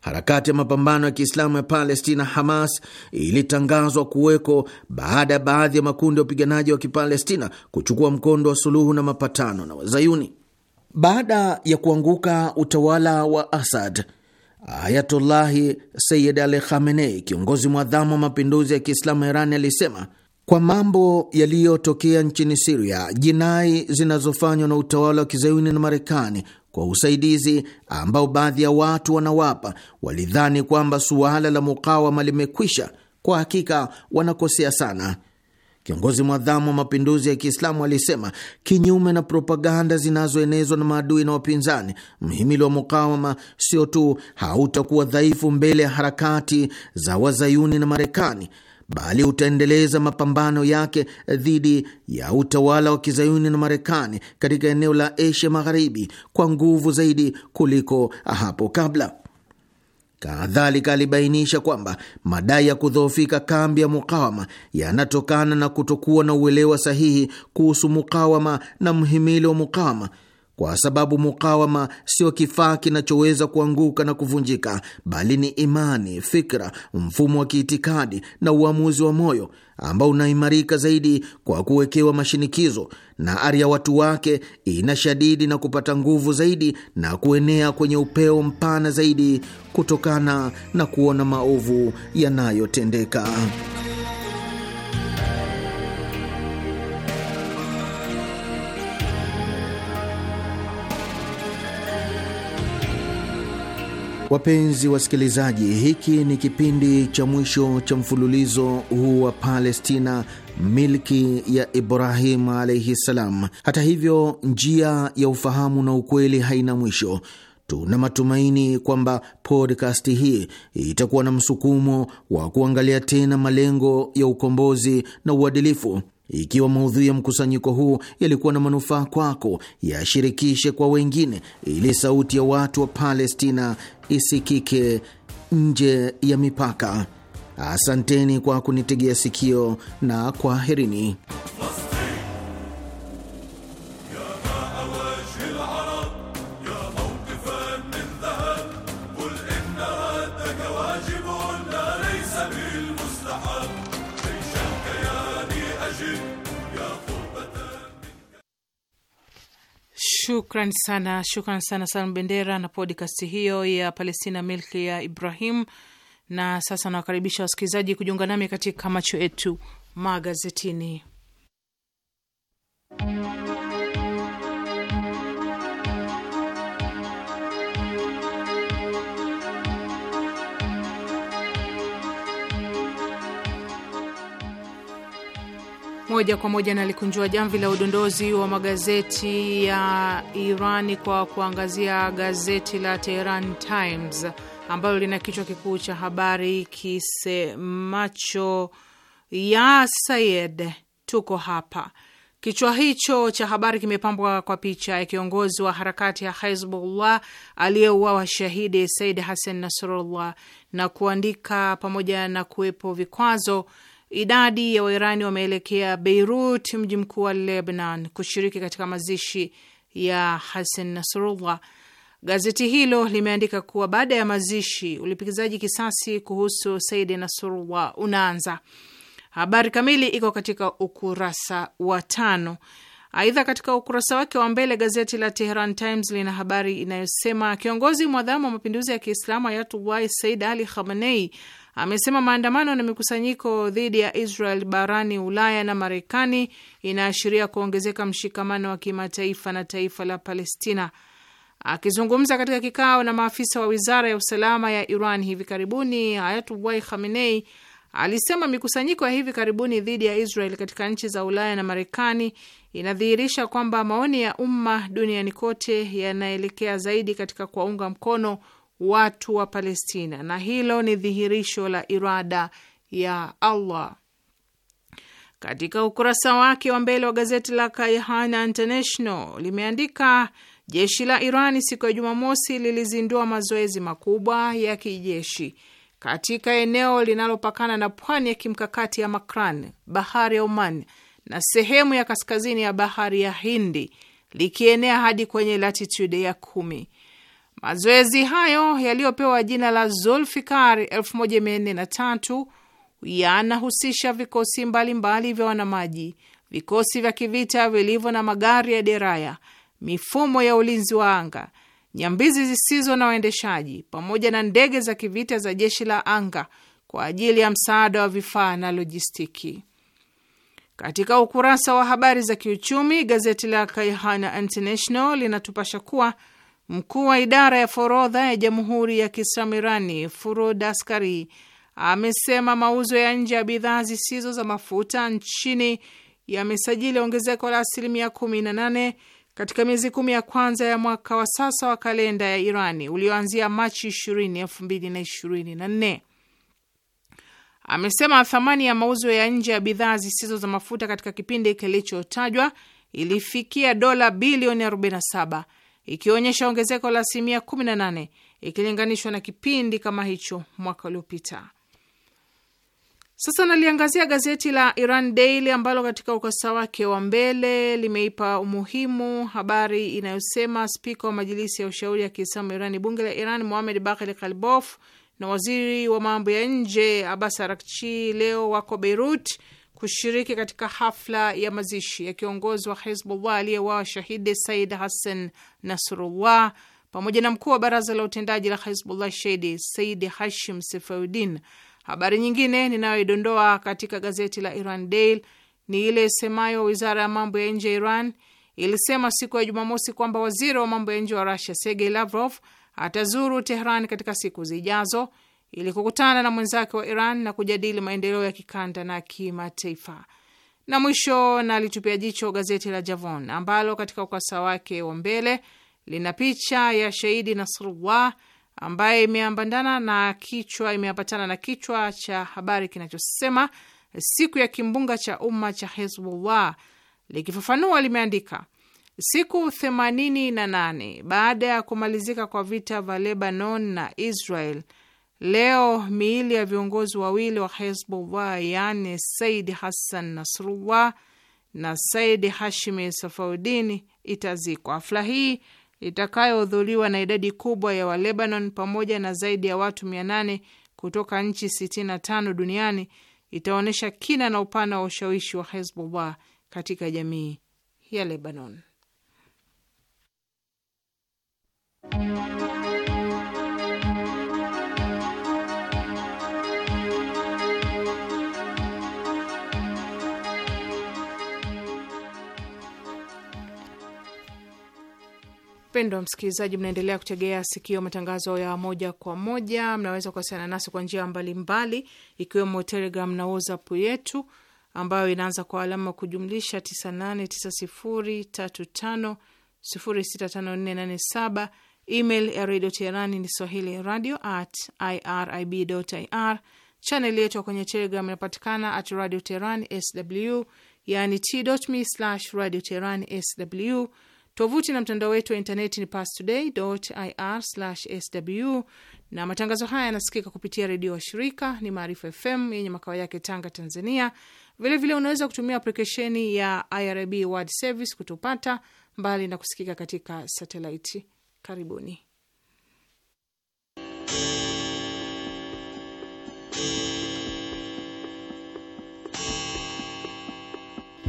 Harakati ya mapambano ya Kiislamu ya Palestina, Hamas, ilitangazwa kuweko baada ya baadhi ya makundi ya wapiganaji wa Kipalestina kuchukua mkondo wa suluhu na mapatano na wazayuni. Baada ya kuanguka utawala wa Asad, Ayatullahi Sayid Ali Khamenei, kiongozi mwadhamu wa mapinduzi ya Kiislamu Irani, alisema kwa mambo yaliyotokea nchini Siria, jinai zinazofanywa na utawala wa kizayuni na Marekani kwa usaidizi ambao baadhi ya watu wanawapa, walidhani kwamba suala la mukawama limekwisha. Kwa hakika wanakosea sana. Kiongozi mwadhamu wa mapinduzi ya Kiislamu alisema, kinyume na propaganda zinazoenezwa na maadui na wapinzani, mhimili wa mukawama sio tu hautakuwa dhaifu mbele ya harakati za wazayuni na Marekani bali utaendeleza mapambano yake dhidi ya utawala wa kizayuni na Marekani katika eneo la Asia Magharibi kwa nguvu zaidi kuliko hapo kabla. Kadhalika alibainisha kwamba madai ya kudhoofika kambi ya mukawama yanatokana na kutokuwa na uelewa sahihi kuhusu mukawama na mhimili wa mukawama kwa sababu mukawama sio kifaa kinachoweza kuanguka na kuvunjika, bali ni imani, fikra, mfumo wa kiitikadi na uamuzi wa moyo ambao unaimarika zaidi kwa kuwekewa mashinikizo, na ari ya watu wake inashadidi na kupata nguvu zaidi na kuenea kwenye upeo mpana zaidi kutokana na kuona maovu yanayotendeka. Wapenzi wasikilizaji, hiki ni kipindi cha mwisho cha mfululizo huu wa Palestina, milki ya Ibrahim alaihi ssalam. Hata hivyo, njia ya ufahamu na ukweli haina mwisho. Tuna matumaini kwamba podcast hii itakuwa na msukumo wa kuangalia tena malengo ya ukombozi na uadilifu. Ikiwa maudhui ya mkusanyiko huu yalikuwa na manufaa kwako, yashirikishe kwa wengine, ili sauti ya watu wa Palestina isikike nje ya mipaka. Asanteni kwa kunitegea sikio na kwaherini. Shukran sana, shukran sana Salum Bendera na podcast hiyo ya Palestina milki ya Ibrahim. Na sasa nawakaribisha wasikilizaji kujiunga nami katika macho yetu magazetini. Moja kwa moja nalikunjua jamvi la udondozi wa magazeti ya Irani kwa kuangazia gazeti la Tehran Times ambalo lina kichwa kikuu cha habari kisemacho ya Sayed tuko hapa. Kichwa hicho cha habari kimepambwa kwa picha ya kiongozi wa harakati ya Hezbollah aliyeuawa shahidi Said Hassan Nasrullah na kuandika, pamoja na kuwepo vikwazo Idadi ya Wairani wameelekea Beirut, mji mkuu wa Lebanon, kushiriki katika mazishi ya Hassan Nasrullah. Gazeti hilo limeandika kuwa baada ya mazishi, ulipikizaji kisasi kuhusu Saidi Nasrullah unaanza. Habari kamili iko katika ukurasa wa tano. Aidha, katika ukurasa wake wa mbele gazeti la Tehran Times lina habari inayosema kiongozi mwadhamu wa mapinduzi ya Kiislamu Ayatullahi Said Ali Khamenei amesema maandamano na mikusanyiko dhidi ya Israel barani Ulaya na Marekani inaashiria kuongezeka mshikamano wa kimataifa na taifa la Palestina. Akizungumza katika kikao na maafisa wa wizara ya usalama ya Iran hivi karibuni, Ayatullah Khamenei alisema mikusanyiko ya hivi karibuni dhidi ya Israel katika nchi za Ulaya na Marekani inadhihirisha kwamba maoni ya umma duniani kote yanaelekea zaidi katika kuwaunga mkono watu wa Palestina, na hilo ni dhihirisho la irada ya Allah. Katika ukurasa wake wa mbele wa gazeti la kaihana International limeandika jeshi la iran siku ya Jumamosi lilizindua mazoezi makubwa ya kijeshi katika eneo linalopakana na pwani ya kimkakati ya Makran, bahari ya Oman na sehemu ya kaskazini ya bahari ya Hindi, likienea hadi kwenye latitude ya kumi. Mazoezi hayo yaliyopewa jina la Zulfikar 1403 yanahusisha vikosi mbalimbali vya wanamaji, vikosi vya kivita vilivyo na magari ya deraya, mifumo ya ulinzi wa anga, nyambizi zisizo na waendeshaji, pamoja na ndege za kivita za jeshi la anga kwa ajili ya msaada wa vifaa na lojistiki. Katika ukurasa wa habari za kiuchumi, gazeti la Kaihana International linatupasha kuwa Mkuu wa idara ya forodha ya Jamhuri ya Kiislamu Irani Furud Askari amesema mauzo ya nje ya bidhaa zisizo za mafuta nchini yamesajili ongezeko la asilimia kumi na nane katika miezi kumi ya kwanza ya mwaka wa sasa wa kalenda ya Irani ulioanzia Machi 20, 2024. Amesema thamani ya mauzo ya nje ya bidhaa zisizo za mafuta katika kipindi kilichotajwa ilifikia dola bilioni 47 ikionyesha ongezeko la asilimia 18 ikilinganishwa na kipindi kama hicho mwaka uliopita. Sasa naliangazia gazeti la Iran Daily ambalo katika ukurasa wake wa mbele limeipa umuhimu habari inayosema spika wa majilisi ya ushauri ya Kiislamu Irani, bunge la Iran, Mohamed Baghel Kalibof na waziri wa mambo ya nje Abbas Arakchi leo wako Beirut kushiriki katika hafla ya mazishi ya kiongozi wa Hizbullah aliyewawa shahidi Said Hassan Nasrullah pamoja na mkuu wa baraza la utendaji la Hizbullah shahidi Said Hashim Sefaudin. Habari nyingine ninayoidondoa katika gazeti la Iran Daily ni ile isemayo wizara ya mambo ya nje ya Iran ilisema siku ya Jumamosi kwamba waziri wa mambo ya nje wa Rusia Sergei Lavrov atazuru Tehran katika siku zijazo ili kukutana na mwenzake wa Iran na kujadili maendeleo ya kikanda na kimataifa. Na mwisho nalitupia jicho gazeti la Javon ambalo katika ukurasa wake wa mbele lina picha ya shahidi Nasrullah ambaye imeambatana na kichwa imeambatana na kichwa cha habari kinachosema siku ya kimbunga cha umma cha Hezbollah. Likifafanua limeandika siku themanini na nane baada ya kumalizika kwa vita vya Lebanon na Israel Leo miili ya viongozi wawili wa Hezbollah yaani Said Hassan Nasrullah na Said Hashimi Safaudini itazikwa. Hafla hii itakayohudhuriwa na idadi kubwa ya Walebanon pamoja na zaidi ya watu 800 kutoka nchi 65 duniani itaonyesha kina na upana wa ushawishi wa Hezbollah katika jamii ya Lebanon. Mpendwa msikilizaji, mnaendelea kutegea sikio matangazo ya moja kwa moja. Mnaweza kuwasiliana nasi kwa njia mbalimbali, ikiwemo Telegram na WhatsApp yetu ambayo inaanza kwa alama kujumlisha 989035065487. Email ya redio Teherani ni swahili radio at irib ir. Chaneli yetu kwenye Telegram inapatikana at radio teherani sw, yaani t.me slash radio teheran sw Tovuti na mtandao wetu wa intaneti ni pastoday.ir/sw, na matangazo haya yanasikika kupitia redio wa shirika ni Maarifa FM yenye makao yake Tanga, Tanzania. Vilevile vile unaweza kutumia aplikesheni ya IRIB World Service kutupata mbali na kusikika katika satelaiti. Karibuni.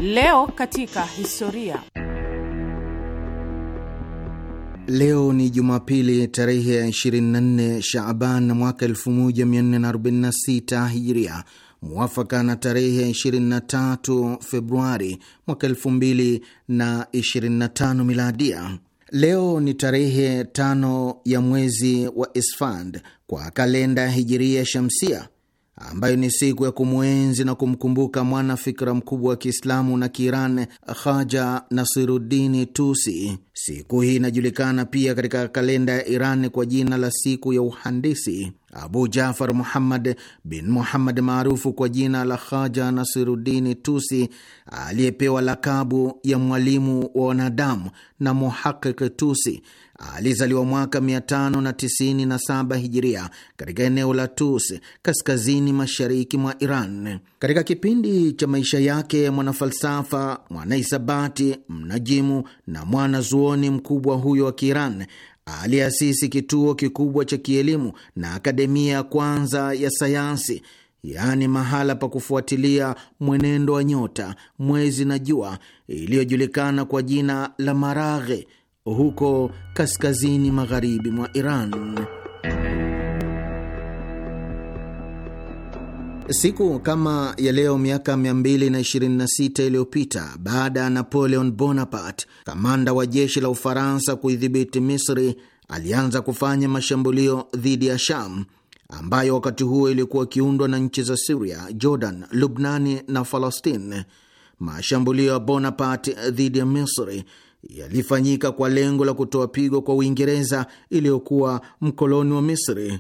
Leo katika historia Leo ni Jumapili tarehe ya 24 Shaaban mwaka 1446 Hijiria, muwafaka na tarehe ya 23 Februari mwaka 2025 Miladia. Leo ni tarehe tano ya mwezi wa Isfand kwa kalenda Hijiria Shamsia, ambayo ni siku ya kumwenzi na kumkumbuka mwana fikra mkubwa wa Kiislamu na Kiiran Haja Nasirudini Tusi. Siku hii inajulikana pia katika kalenda ya Iran kwa jina la siku ya uhandisi. Abu Jafar Muhammad bin Muhammad maarufu kwa jina la Haja Nasirudini Tusi, aliyepewa lakabu ya mwalimu wa wanadamu na Muhaqiq Tusi, alizaliwa mwaka 597 Hijiria katika eneo la Tus, kaskazini mashariki mwa Iran. Katika kipindi cha maisha yake, mwanafalsafa, mwanahisabati, mnajimu na mwanazuoni mkubwa huyo wa Kiiran aliasisi kituo kikubwa cha kielimu na akademia ya kwanza ya sayansi, yaani mahala pa kufuatilia mwenendo wa nyota, mwezi na jua, iliyojulikana kwa jina la Maraghe huko kaskazini magharibi mwa Iran. Siku kama ya leo miaka 226 iliyopita, baada ya Napoleon Bonaparte, kamanda wa jeshi la Ufaransa, kuidhibiti Misri, alianza kufanya mashambulio dhidi ya Sham ambayo wakati huo ilikuwa ikiundwa na nchi za Siria, Jordan, Lubnani na Falastine. Mashambulio ya Bonaparte dhidi ya Misri yalifanyika kwa lengo la kutoa pigo kwa Uingereza iliyokuwa mkoloni wa Misri.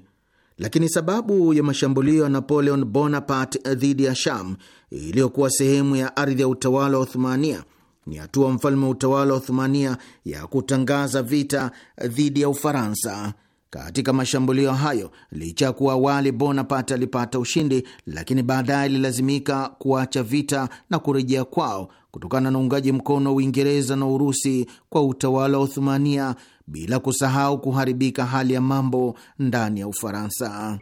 Lakini sababu ya mashambulio ya Napoleon Bonaparte dhidi ya Sham iliyokuwa sehemu ya ardhi ya utawala wa Uthmania ni hatua mfalme wa utawala wa Uthmania ya kutangaza vita dhidi ya Ufaransa. Katika mashambulio hayo, licha ya kuwa awali Bonaparte alipata ushindi, lakini baadaye alilazimika kuacha vita na kurejea kwao kutokana na uungaji mkono wa Uingereza na Urusi kwa utawala wa Uthmania bila kusahau kuharibika hali ya mambo ndani ya Ufaransa.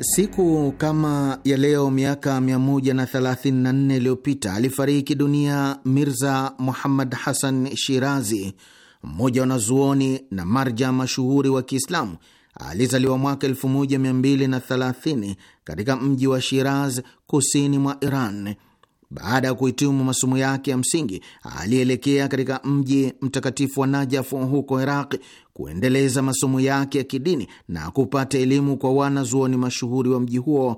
Siku kama ya leo miaka 134 iliyopita alifariki dunia Mirza Muhammad Hassan Shirazi, mmoja wa wanazuoni na marja mashuhuri wa Kiislamu. Alizaliwa mwaka 1230 katika mji wa Shiraz, kusini mwa Iran. Baada ya kuhitimu masomo yake ya msingi, alielekea katika mji mtakatifu wa Najafu huko iraqi kuendeleza masomo yake ya kidini na kupata elimu kwa wanazuoni mashuhuri wa mji huo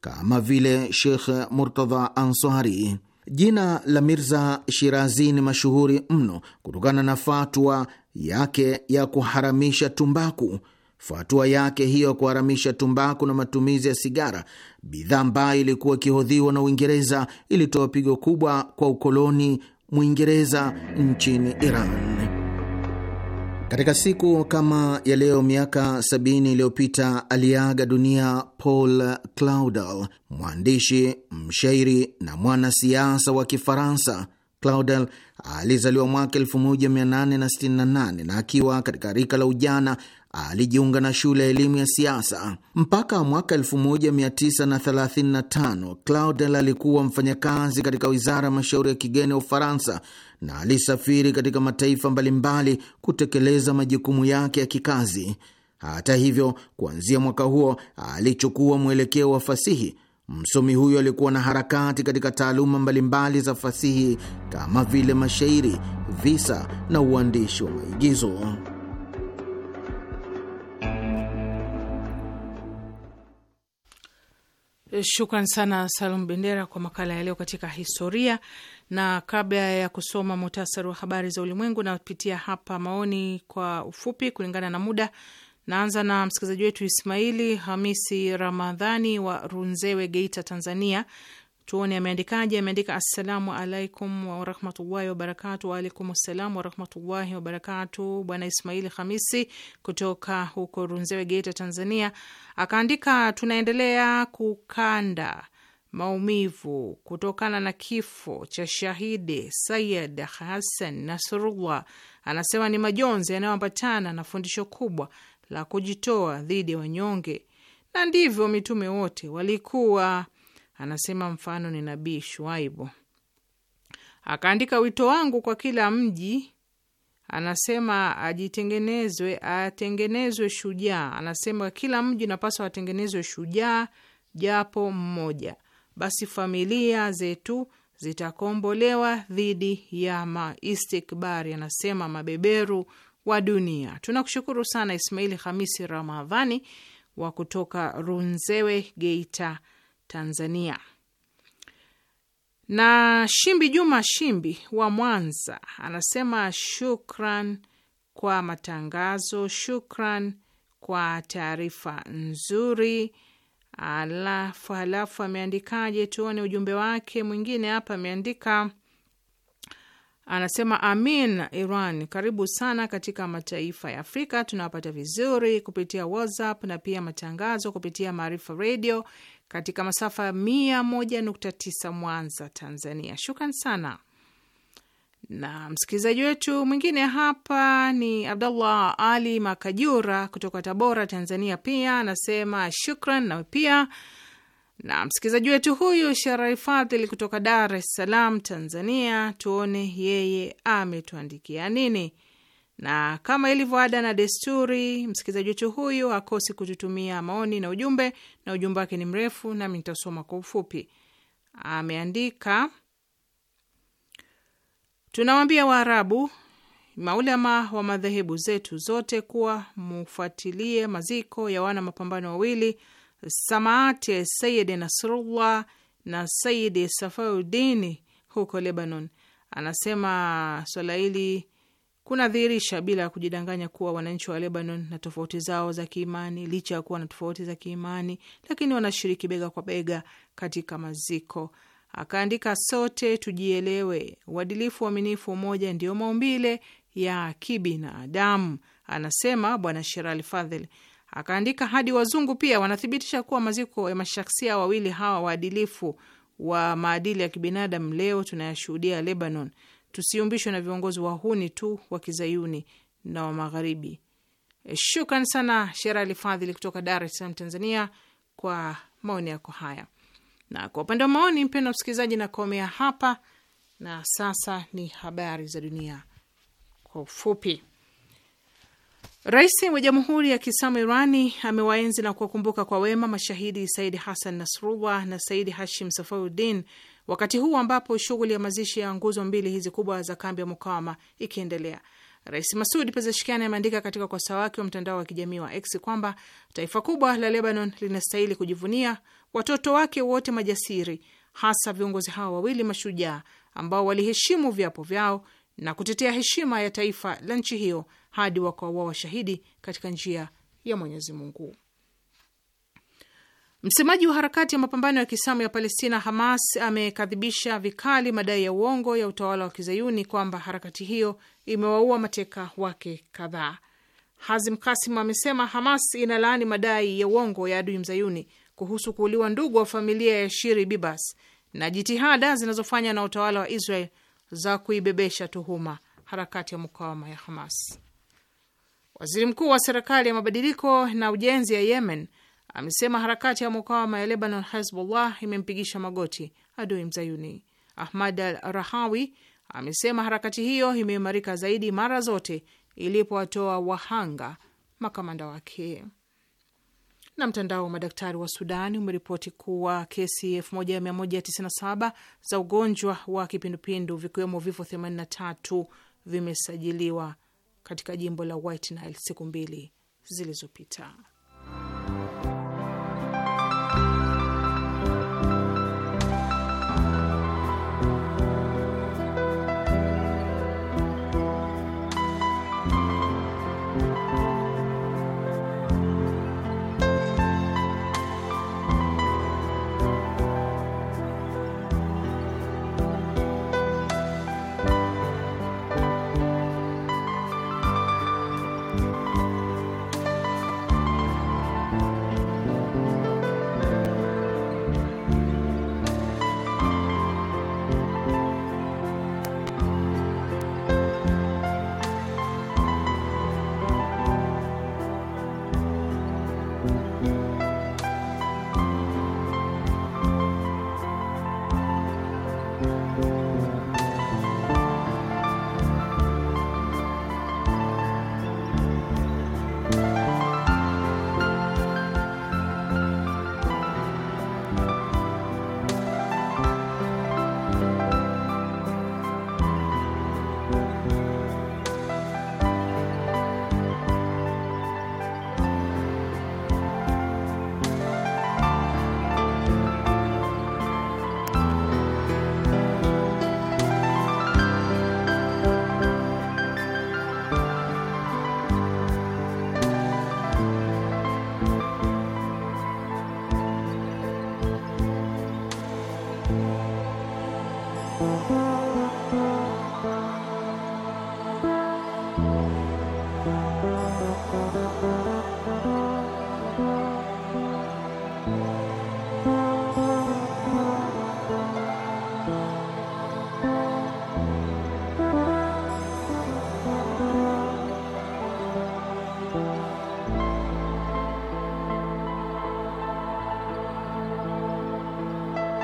kama vile Shekh Murtadha Ansari. Jina la Mirza Shirazi ni mashuhuri mno kutokana na fatwa yake ya kuharamisha tumbaku. Fatua yake hiyo kuharamisha tumbaku na matumizi ya sigara, bidhaa ambayo ilikuwa ikihodhiwa na Uingereza, ilitoa pigo kubwa kwa ukoloni Mwingereza nchini Iran. Katika siku kama ya leo miaka 70 iliyopita aliaga dunia Paul Claudel, mwandishi, mshairi na mwanasiasa wa Kifaransa. Claudel alizaliwa mwaka 1868 na akiwa katika rika la ujana alijiunga na shule ya elimu ya siasa mpaka mwaka 1935. Claudel alikuwa mfanyakazi katika wizara ya mashauri ya kigeni ya Ufaransa na alisafiri katika mataifa mbalimbali kutekeleza majukumu yake ya kikazi. Hata hivyo, kuanzia mwaka huo alichukua mwelekeo wa fasihi. Msomi huyo alikuwa na harakati katika taaluma mbalimbali za fasihi kama vile mashairi, visa na uandishi wa maigizo. Eh, shukran sana Salum Bendera kwa makala ya leo katika historia. Na kabla ya kusoma muhtasari wa habari za ulimwengu, napitia hapa maoni kwa ufupi kulingana na muda. Naanza na msikilizaji wetu Ismaili Hamisi Ramadhani wa Runzewe, Geita, Tanzania. Tuone ameandikaje. Ameandika, assalamu alaikum warahmatullahi wabarakatu. Waalaikum assalam warahmatullahi wabarakatu. Bwana Ismaili Hamisi kutoka huko Runzewe, Geita, Tanzania, akaandika tunaendelea kukanda maumivu kutokana na kifo cha shahidi Sayid Hasan Nasrullah. Anasema ni majonzi yanayoambatana na fundisho kubwa la kujitoa dhidi ya wanyonge, na ndivyo mitume wote walikuwa Anasema mfano ni Nabii Shuaibu akaandika wito wangu kwa kila mji. Anasema ajitengenezwe, atengenezwe shujaa. Anasema kila mji napaswa atengenezwe shujaa japo mmoja, basi familia zetu zitakombolewa dhidi ya maistikbari, anasema mabeberu wa dunia. Tunakushukuru sana Ismaili Hamisi Ramadhani wa kutoka Runzewe, Geita, Tanzania. Na Shimbi Juma Shimbi wa Mwanza anasema shukran kwa matangazo, shukran kwa taarifa nzuri. Alafu halafu ameandikaje? Tuone ujumbe wake mwingine hapa. Ameandika anasema, amin Iran, karibu sana katika mataifa ya Afrika. Tunawapata vizuri kupitia WhatsApp na pia matangazo kupitia Maarifa Radio katika masafa tisa Mwanza, Tanzania. Shukran sana. Na msikilizaji wetu mwingine hapa ni abdullah Ali Makajura kutoka Tabora, Tanzania, pia anasema shukran. nawe pia na msikilizaji wetu huyu Sharari kutoka Dar es Salaam, Tanzania, tuone yeye ametuandikia nini na kama ilivyo ada na desturi, msikilizaji wetu huyu akosi kututumia maoni na ujumbe, na ujumbe wake ni mrefu, nami nitasoma kwa ufupi. Ameandika, tunawaambia Waarabu maulama wa madhehebu zetu zote kuwa mufuatilie maziko ya wana mapambano wawili Samaati Sayidi Nasrullah na Sayidi Safaudini huko Lebanon. Anasema swala hili kunadhihirisha bila ya kujidanganya kuwa wananchi wa Lebanon na tofauti zao za kiimani, licha ya kuwa na tofauti za kiimani, lakini wanashiriki bega kwa bega katika maziko. Akaandika, sote tujielewe, uadilifu, uaminifu, umoja ndio maumbile ya kibinadamu, anasema Bwana Sherali Fadhel. Akaandika, hadi wazungu pia wanathibitisha kuwa maziko ya mashaksia wawili hawa waadilifu wa maadili ya kibinadamu leo tunayashuhudia Lebanon tusiumbishwe na viongozi wahuni tu wa kizayuni na wa magharibi. E, shukran sana Sherali Fadhili kutoka Dar es Salaam, Tanzania, kwa maoni yako haya. Na kwa upande wa maoni, mpendwa msikilizaji, nakomea hapa na sasa ni habari za dunia kwa ufupi. Rais wa Jamhuri ya Kiislamu Irani amewaenzi na kuwakumbuka kwa wema mashahidi Saidi Hassan Nasrullah na Saidi Hashim Safaruddin wakati huu ambapo shughuli ya mazishi ya nguzo mbili hizi kubwa za kambi ya mukawama ikiendelea. Rais Masud Pezeshkian ameandika katika ukurasa wake wa mtandao wa kijamii wa X kwamba taifa kubwa la Lebanon linastahili kujivunia watoto wake wote majasiri, hasa viongozi hao wawili mashujaa ambao waliheshimu viapo vyao na kutetea heshima ya taifa la nchi hiyo hadi wakawa washahidi katika njia ya Mwenyezi Mungu. Msemaji wa harakati ya mapambano ya kiislamu ya Palestina, Hamas, amekadhibisha vikali madai ya uongo ya utawala wa kizayuni kwamba harakati hiyo imewaua mateka wake kadhaa. Hazim Kasim amesema Hamas inalaani madai ya uongo ya adui mzayuni kuhusu kuuliwa ndugu wa familia ya Shiri Bibas na jitihada zinazofanya na utawala wa Israel za kuibebesha tuhuma harakati ya mukawama ya Hamas. Waziri mkuu wa serikali ya mabadiliko na ujenzi ya Yemen amesema harakati ya mukawama ya Lebanon, Hezbollah, imempigisha magoti adui mzayuni. Ahmad al Rahawi amesema harakati hiyo imeimarika zaidi mara zote ilipowatoa wahanga makamanda wake. Na mtandao wa madaktari wa Sudani umeripoti kuwa kesi 1197 za ugonjwa wa kipindupindu vikiwemo vifo 83 vimesajiliwa katika jimbo la White Nile siku mbili zilizopita.